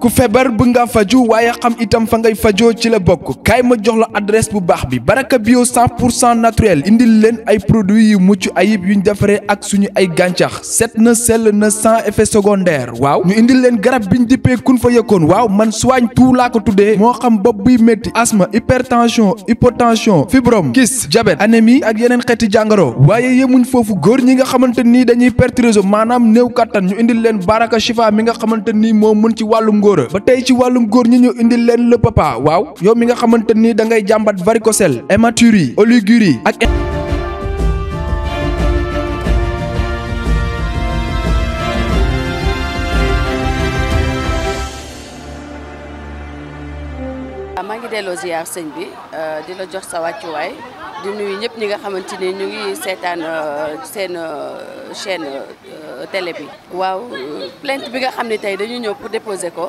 ku feebar bu nga faju waaye xam itam fa ngay fajoo ci la bokk kaay ma jox la adresse bu baax bi baraka bio 100 pour cent naturel indil leen ay produits yu mucc ayib yuñ defaree ak suñu ay gàncax set na sell na sans effet secondaire waaw ñu indil leen garab biñ dippee kun fa yëkkoon waaw man soigne tout laa ko tuddee moo xam bopp buy métti asthme hypertension hypotension fibrome kis diabète anémie ak yeneen xeeti jàngoro waaye yemuñ foofu góor ñi nga xamante nii dañuy perte réseau maanaam néew kattan ñu indil leen baraka chifa mi nga xamante nii moo mën ci wàllu ngóor góor ba tey ci wàllum góor ñi ñu indil leen le waaw yow mi nga xamante ni da ngay jàmbat varicocèle hématurie oligurie ak ah, maa ngi delloo ziar sëñ bi euh, di la jox sa wàccuwaay di nuyu ñëpp ñi nga xamante ni ñu ngi seetaan euh, seen euh, chaîne tele bi. waaw plainte bi nga xam ne tey dañu ñëw pour déposer ko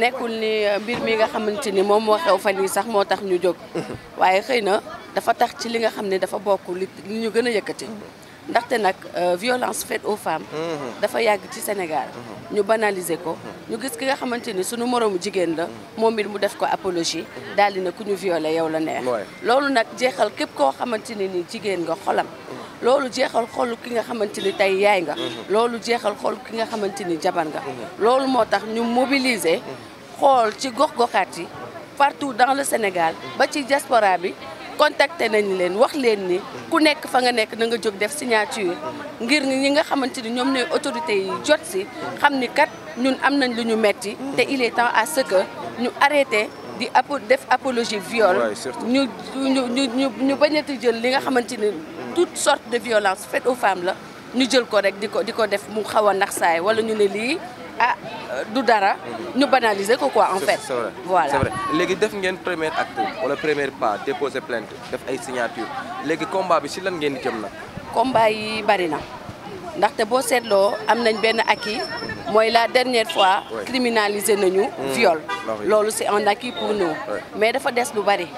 nekkul ni mbir mi nga xamante ni moom moo xew fan yi sax moo tax ñu jóg. Mhm. waaye xëy na dafa tax ci li nga xam ne dafa bokk li ñu gën a yëkkati. Mhm. ndaxte nag euh, violence faite au femmes. Mhm. dafa yàgg ci Sénégal. ñu banaliser ko. ñu gis ki nga xamante ni sunu moroomu jigéen la. moom mbir mu def ko apologie. daal na ne ku ñu violé yow la neex. loolu nag jeexal képp koo xamante ne ni jigéen nga xolam. loolu jeexal xool ki nga xamante ni tey yaay nga mhm. loolu jeexal xool ki nga xamante ni jabar nga mhm. loolu moo tax ñu mobiliser mhm. xool ci gox-goxaat yi partout dans le Sénégal ba ci diaspora bi contacté nañ leen wax leen ni ku nekk fa nga nekk na nga jóg def signature ngir ñi nga xamante ni ñoom ñooy autorité yi jot si xam ni kat ñun am nañ lu ñu metti te il est temps à ce que ñu arrêté di apo def apologie viol ñu ñu ñu ñu bañati jël li nga xamante ni toutes sorte de violences faites aux femmes la ñu jël ko rek di ko di ko def mu xaw ndax nax saay wala ñu ne lii ah du dara ñu banaliser ko quoi en fait c'est vrai voilà léegi def ngeen premier acte wala première pas déposer plainte def ay signature léegi combat bi si lan ngeen jëm nag combat yi bari na ndaxte boo seetloo am nañ benn acquis mooy la dernière fois criminaliser nañu mmh. viol ah loolu c'est un acquis pour nous mais dafa des lu bari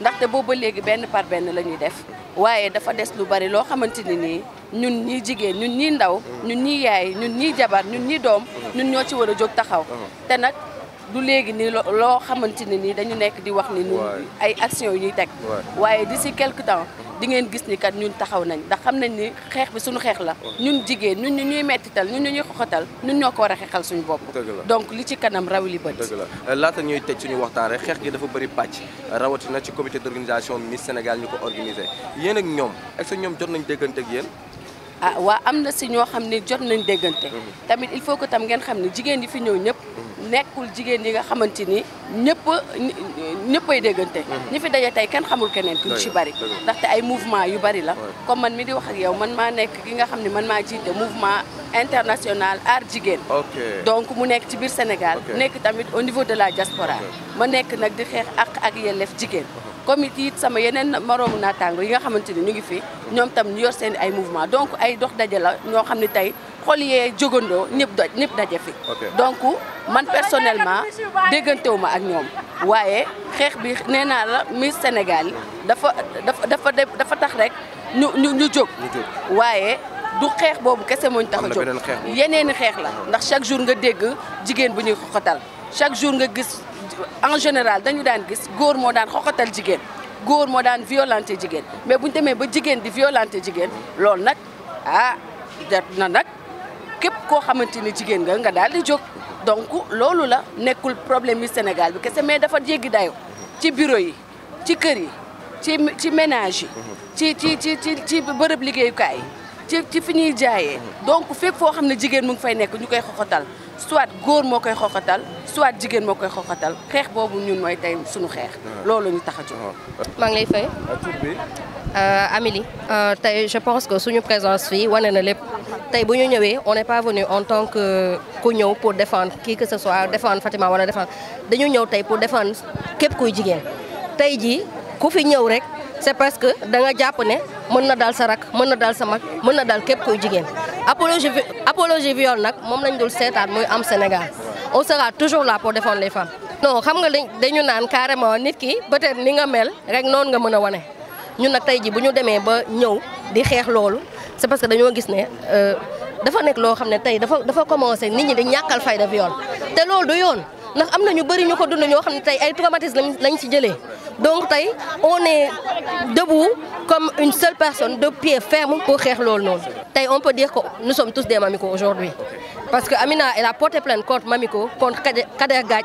ndaxte boobu léegi benn par benn la ñuy def waaye dafa des lu bari loo xamante ni nii ñun ñii jigéen ñun ñi ndaw ñun ñi yaay ñun ñii jabar ñun ñi doom ñun ñoo ci war a jóg taxaw uh-huh. te nag du léegi nii loo xamante ne nii dañu nekk di wax ni ñun ay action yu ñuy teg waaye di si quelque temps di ngeen gis ni kat ñun taxaw nañ ndax xam nañ ni xeex bi suñu xeex la ñun jigéen ñun ñu ñuy mettital ñun ñu ñuy xoxatal ñun ñoo ko xeexal suñu bopp donc li ci kanam raw li bët dëgg la laata ñuy tëj suñu waxtaan rek xeex gi dafa bëri pàcc rawatina ci comité d'organisation Miss Sénégal ñu ko organisé yéen ak ñoom est-ce que ñoom jot nañ déggante ak yéen ah waa am na si ñoo xam ne jot nañ déggante mhm. tamit il faut que tam ngeen xam ne jigéen yi fi ñëw ñëpp nekkul jigéen yi nga xamante ni ñëpp ñëpp ay déggante mhm. ñi fi daje tey kenn xamul keneen ku ci bari ndaxte ay mouvement yu bari la comme man mi di wax ak yow man maa nekk ki nga xam ne man maa jiite mouvement international aar jigéen donc mu nekk ci biir Sénégal nekk tamit au niveau de la diaspora ma nekk nag di xeex ak ak yelleef jigéen comme it it sama yeneen moroomu naataango yi nga xamante ni ñu ngi fi ñoom tam ñu yor seen ay mouvement donc ay dox daje la ñoo xam ne tey xol yee jógandoo ñëpp doj ñëpp daje fi donc man personnellement déggantewuma ak ñoom waaye xeex bi nee naa la Miss Sénégal dafa dafa dafa dafa tax rek ñu ñu ñu jóg waaye du xeex boobu kese moo ñu tax a jóg yeneeni xeex la ndax chaque jour nga dégg jigéen bu ñuy xoxatal chaque jour nga gis en général dañu daan gis góor moo daan xoxatal jigéen góor moo daan violenté jigéen mais bu ñu demee ba jigéen di violenté jigéen loolu nag ah jot na nag képp koo xamante ni jigéen ga nga daal di jóg. donc loolu la nekkul problème yu Sénégal bi kese mais dafa jéggi dayo ci bureau yi ci kër yi ci ci ci ci ci ci ci bërëb liggéeyukaay yi. ci ci fi ñuy jaayee. donc fépp foo xam ne jigéen mu ngi fay nekk ñu koy xoxatal. soit góor moo koy xoxatal soit jigéen moo koy xoxatal xeex boobu ñun mooy tey suñu xeex loolu ñu tax a jóg maa ngi lay fay euh, Amélie euh, tey je pense que suñu présence fii wane na lépp tey bu ñu ñëwee on n'est pas venu en tant que ku ñëw pour défendre qui que ce soit défendre Fatima wala défendre dañu ñëw tey pour défendre képp kuy jigéen tey jii ku fi ñëw rek c'est parce que da jàpp ne mën na daal sa rak mën na daal sa mag mën na daal képp kuy jigéen apologie apologie viol nag moom lañ dul seetaat muy am Sénégal on sera toujours là pour défendre les femmes. non xam nga dañu naan carrément nit ki peut-être ni nga mel rek noonu nga mën a wane ñun nag tey ji bu ñu demee ba ñëw di xeex loolu c'est parce que dañoo gis ne euh, dafa nekk loo xam ne tey dafa dafa commencé nit ñi di ñàkkal fayda viol te loolu du yoon ndax am na ñu bëri ñu ko dund ñoo xam ne tey ay traumatisme lañ si jëlee. donc tey on est debout comme une seule personne de pied ferme pour xeex loolu noonu tey on peut dire que nous sommes tous des Mamico aujourd'hui parce que Amina elle a porté plainte contre Mamico contre Kader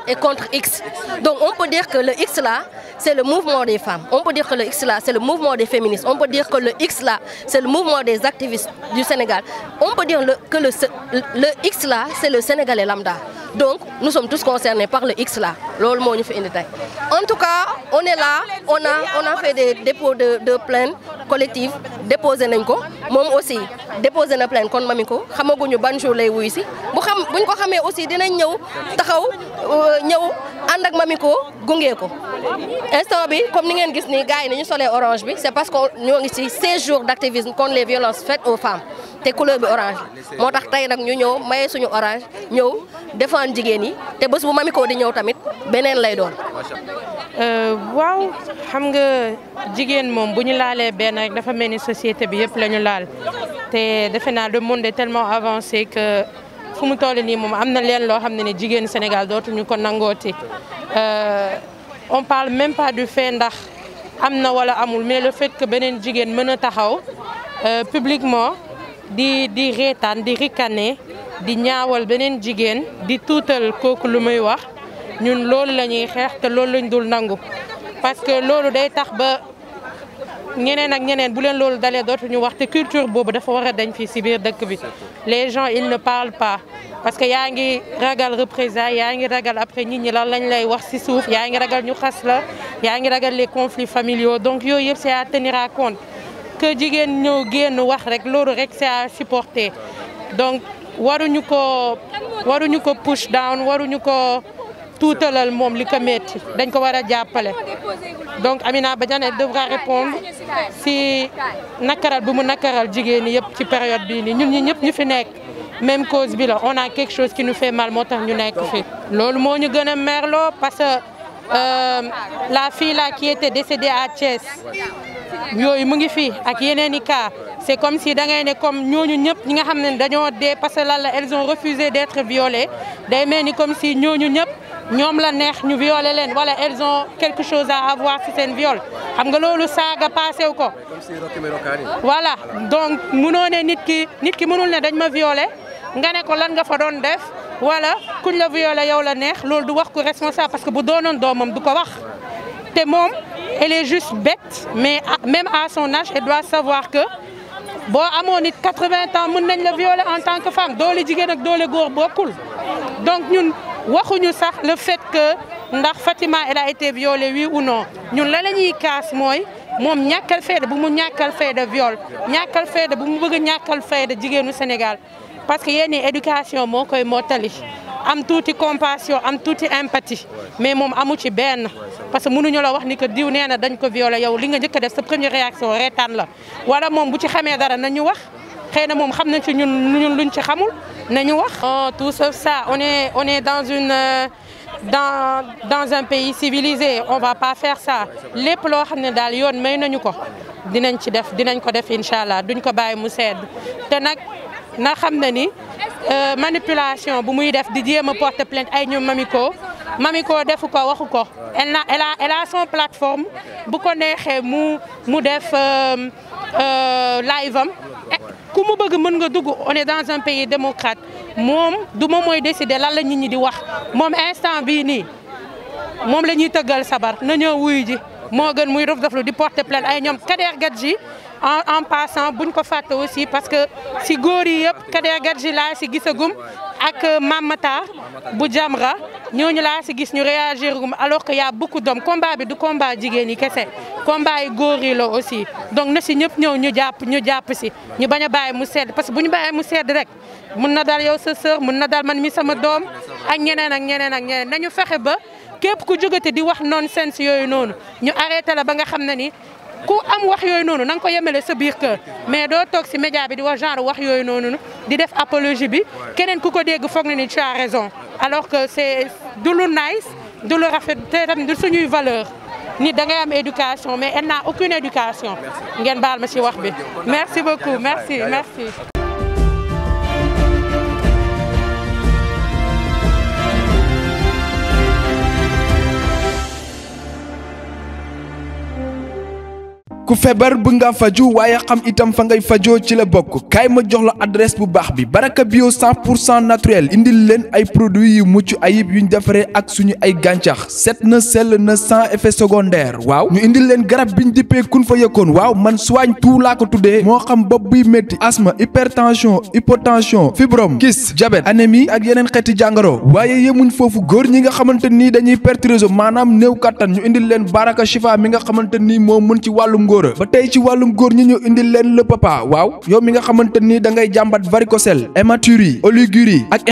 et contre X donc on peut dire que le X là c'est le mouvement des femmes on peut dire que le X là c'est le mouvement des féministes on peut dire que le X là c'est le des activistes du Sénégal on peut dire que le, le X là c'est le Sénégalais lambda Donc, nous sommes tous concernés par le X là. En tout cas, on est là, on a, on a fait des dépôts de, de plaintes collectives, déposé nañ ko moom aussi, déposé une plainte contre Mamiko, Hamogunyo Banjo Lewi ici. Bunko Hame aussi, Dina Nyo, Tahao, euh, Nyo, Andak Mamiko, Gungeko. Instant bi, comme nous avons dit, les gars, nous sommes orange, c'est parce qu'on a 16 jours d'activisme contre les violences faites aux femmes. te couleur bi orange moo tax tey nag ñu ñëw maye suñu orange ñëw défendre jigéen yi te bés bu Mami di ñëw tamit beneen lay doon. Euh, waaw xam nga jigéen moom bu ñu laalee benn rek dafa mel ni société bi yëpp lañu laal te defe naa le monde est tellement avancé que fu mu toll nii moom am na leen loo xam ne ne jigéen Sénégal dootuñu ko nangooti euh, on parle même pas du fait ndax am na wala amul mais le fait que beneen jigéen mën a taxaw euh, publiquement di di reetaan di rikane di ñaawal beneen jigéen di tuutal kooku lu may wax ñun loolu la ñuy xeex te loolu lañ dul nangu parce que loolu day tax ba ñeneen ak ñeneen bu leen loolu dalee dootuñu wax te culture boobu dafa war dañ fii si biir dëkk bi les gens ils ne parlent pas parce que yaa ngi ragal représailles yaa ngi ragal après nit ñi lan lañ lay wax si suuf yaa ngi ragal ñu xas la yaa ngi ragal les conflits familiaux donc yooyu yëpp c'est à tenir à compte que jigéen ñoo génn wax rek loolu rekk c'est à donc waruñu ko waruñu ko push down waruñu ko tuutalal moom li ko métti dañ ko war a jàppale donc Amina Badiane elle devra répondre si nakaral bu mu nakaral jigéen ñi yëpp ci période bi nii ñun ñi ñëpp ñu fi nekk même cause bi la on a quelque chose qui nous fait mal moo tax ñu nekk fi loolu moo ñu gën a merloo parce que euh, la fille là qui était décédée à Thiès yooyu mu ngi fii ak yeneen i cas c'est comme si da ngay ne comme ñooñu ñëpp ñi nga xam ne dañoo dee parce que lan la elles ont refusé d'être violées day mel ni comme si ñooñu ñëpp ñoom la neex ñu violer leen wala elles ont quelque chose a avoir ci seen viol xam nga loolu saaga passé wu ko. voilà donc mënoo ne nit ki nit ki mënul ne dañ ma violer nga ne ko lan nga fa doon def wala kuñ la violer yow la neex loolu du wax ku responsable parce que bu doonoon moom du ko wax. te moom elle est juste bête mais même à son âge elle doit savoir que boo amoon nit 80 ans mën nañ la violer en tant que femme doole jigéen ak doole góor bokkul donc ñun waxuñu sax le fait que ndax Fatima elle a été violée oui ou non ñun la la ñuy kaas mooy moom ñàkkal fayda bu mu ñàkkal fayda viol ñàkkal fayda bu mu bëgg a ñàkkal fayda jigéenu Sénégal parce que yenn éducation moo koy mottali am tuuti compassion am tuuti empathie mais moom amu ci benn parce que mënuñu la wax ni que diw nee na dañ ko violé yow li nga njëkk a def sa première réaction reetaan la wala moom bu ci xamee dara nañu wax xëy na moom xam na ci ñun ñun luñ ci xamul nañu wax oh, tout sauf ça on est on est dans euh, dans dans un pays civilisé on va pas faire ça lépp loo xam ne daal yoon may nañu ko dinañ ci def dinañ ko def incha allah duñ ko bàyyi mu sedd te nag na xam na ni euh, manipulation bu muy def di jéem a porter plainte ay ñoom Mamico Mamico defu ko waxu ko elle a elle a elle son plateforme bu ko neexee mu mu def euh, euh, live am ku mu bëgg mën nga dugg one dans un pays démocrate moom du moom mooy décider lan la nit ñi di wax moom instant bii nii moom la ñuy tëggal sabar na ñëw wuyu ji moo gën muy dof lu di porter plainte ay ñoom Kader ji en en passant buñ ko fàtte aussi parce que si góor yi yëpp Kader Gadji laa si gisagum ak Mamata bu Jamra ñooñu laa si gis ñu réagir gum alors que y' a beaucoup d'hommes combat bi du combat jigéen yi kese combat yi góor yi la aussi donc na si ñëpp ñëw ñu jàpp ñu jàpp si ñu bañ a bàyyi mu sedd parce que bu ñu bàyyi mu sedd rek mun na dal yow sa sœur mun na dal man mi sama doom ak ñeneen ak ñeneen ak ñeneen fexe ba képp ku jógate di wax non sens yooyu noonu ñu arrêté la ba nga xam ne ni ku am wax yooyu noonu na nga ko yemale sa biir mais doo toog si média bi di wax genre wax yooyu noonu di def apologie bi keneen ku ko dégg foog ni tu as alors que c'est du lu nice du lu rafet te tamit du suñuy valeur nit da ngay am éducation mais elle n'a aucune éducation ngeen baal ma si wax bi merci beaucoup merci merci ku feebar bu nga faju waaye xam itam fa ngay fajoo ci la bokk kaay ma jox la adresse bu baax bi baraka bio 100 pour cent naturel indil leen ay produits yu mucc ayib yuñ defaree ak suñu ay gàncax set na sell na sans effet secondaire waaw ñu indil leen garab biñ dippee kun fa yëkkoon waaw man soigne tout laa ko tuddee moo xam bopp buy métti asthme hypertension hypotension fibrome kyste diabète anémie ak yeneen xeeti jàngoro waaye yemuñ foofu góor ñi nga xamante ngóora ba tey ci wàllu góor ñi ñu indil leen la papa waaw yow mi nga xamante ni da ngay jàmbat varicocèle hématurie oligurie ak